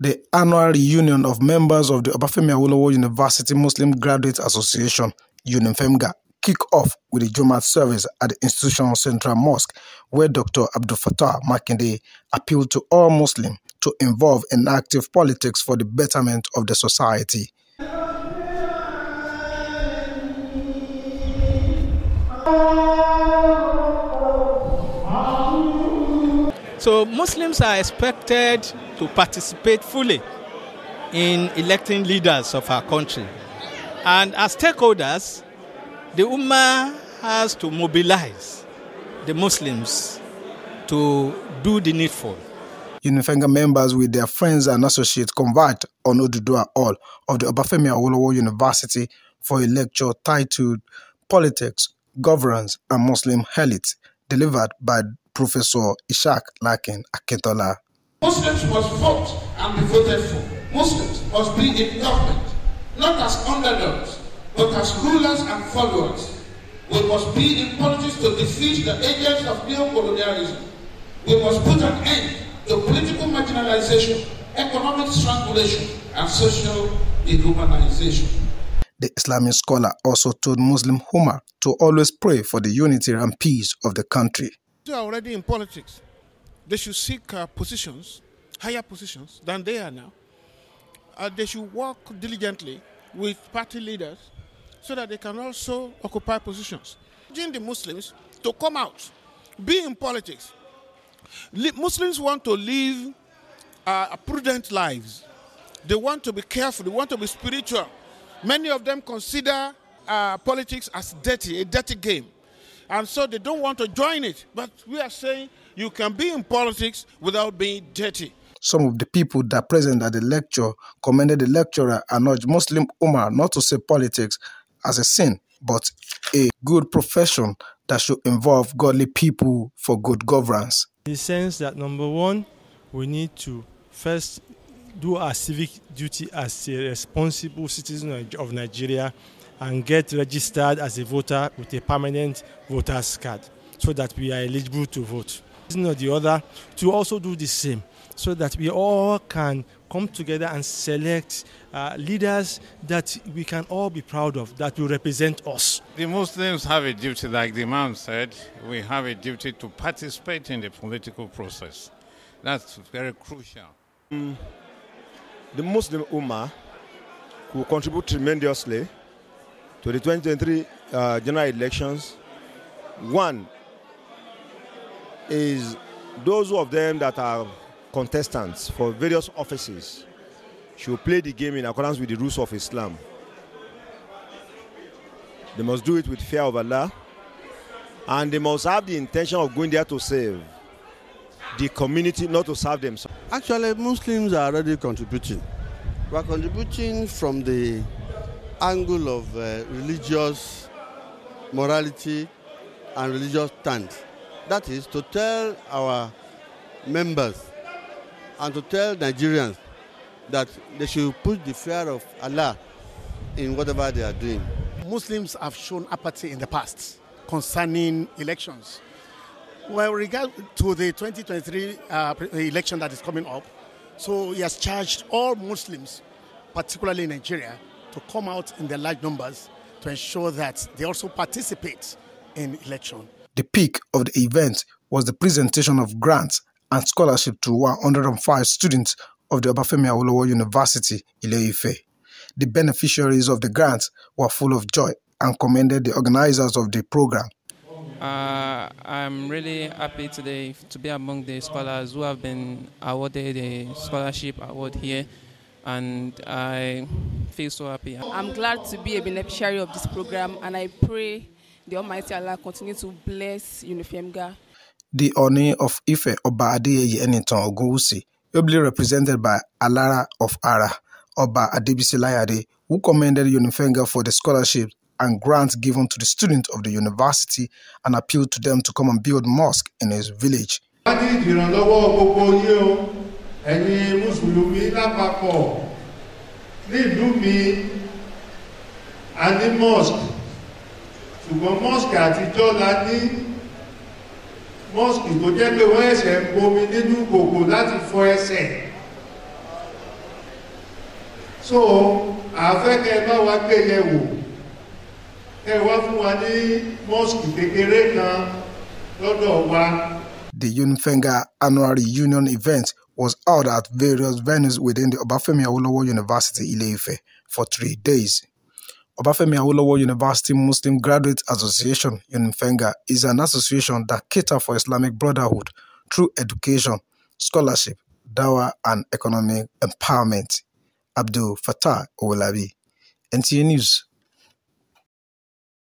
the annual reunion of members of the Obafemi Awolowo University Muslim Graduate Association, UNIFEMGA, kick off with a Jumat service at the institution's central mosque, where Dr. Abdul Fattah Makinde appealed to all Muslims to involve in active politics for the betterment of the society. So Muslims are expected to participate fully in electing leaders of our country. And as stakeholders, the Ummah has to mobilize the Muslims to do the needful. Unifenga members with their friends and associates convert on Odudua Hall of the Obafemi Awolowo University for a lecture titled Politics, Governance and Muslim Elite, delivered by Professor Ishak Lakin Aketola. Muslims must vote and be voted for. Muslims must be in government, not as underdogs, but as rulers and followers. We must be in politics to defeat the agents of neocolonialism. We must put an end to political marginalization, economic strangulation, and social dehumanization. The Islamic scholar also told Muslim Huma to always pray for the unity and peace of the country. They are already in politics they should seek uh, positions, higher positions than they are now. Uh, they should work diligently with party leaders so that they can also occupy positions. Urging the Muslims to come out, be in politics. Le Muslims want to live uh, prudent lives. They want to be careful. They want to be spiritual. Many of them consider uh, politics as dirty, a dirty game. And so they don't want to join it. But we are saying you can be in politics without being dirty. Some of the people that present at the lecture commended the lecturer and urged Muslim Umar not to see politics as a sin, but a good profession that should involve godly people for good governance. In the sense that number one, we need to first do our civic duty as a responsible citizen of Nigeria and get registered as a voter with a permanent voter's card so that we are eligible to vote. One or the other to also do the same so that we all can come together and select uh, leaders that we can all be proud of, that will represent us. The Muslims have a duty, like the Imam said, we have a duty to participate in the political process. That's very crucial. Mm, the Muslim Ummah will contribute tremendously to the 2023 uh, general elections. One is those of them that are contestants for various offices should play the game in accordance with the rules of Islam. They must do it with fear of Allah and they must have the intention of going there to save the community, not to serve themselves. Actually, Muslims are already contributing. We are contributing from the angle of uh, religious morality and religious stance. That is to tell our members and to tell Nigerians that they should put the fear of Allah in whatever they are doing. Muslims have shown apathy in the past concerning elections. Well, regard to the 2023 uh, election that is coming up, so he has charged all Muslims, particularly in Nigeria, to come out in the large numbers to ensure that they also participate in election. The peak of the event was the presentation of grants and scholarship to 105 students of the Obafemi Awolowo University, Ile-Ife. The beneficiaries of the grants were full of joy and commended the organizers of the program. Uh, I'm really happy today to be among the scholars who have been awarded a scholarship award here, and I feel so happy. I'm glad to be a beneficiary of this program and I pray the Almighty Allah continue to bless Unifemga. The Oni of Ife Oba Adeyeye Enitan Ogunwusi, ably represented by Alara of Ara, Oba Adebisi Layade, who commended Unifemga for the scholarship and grant given to the students of the university and appealed to them to come and build mosque in his village. láti ìrànlọ́wọ́ gbogbo yín o ẹ̀yin mùsùlùmí lápapọ̀ nílùú mi a ní mosque ṣùgbọ́n mosque àtijọ́ la ní mosque tó jẹ́ pé wọ́n ẹ̀sẹ̀ ń bomi nínú gbogbo láti fọ ẹsẹ̀ so àfẹ́kẹ́ bá wa gbé yẹ̀ wò ẹ wá fún wa ní mosque kékeré kan lọ́dọ̀ wa. The Unifenga annual reunion event was held at various venues within the Obafemi Awolowo University, Ile-Ife, for three days. Obafemi Awolowo University Muslim Graduate Association, UNIFENGA, is an association that caters for Islamic brotherhood through education, scholarship, dawah, and economic empowerment. Abdul Fattah Owolabi, NTA News.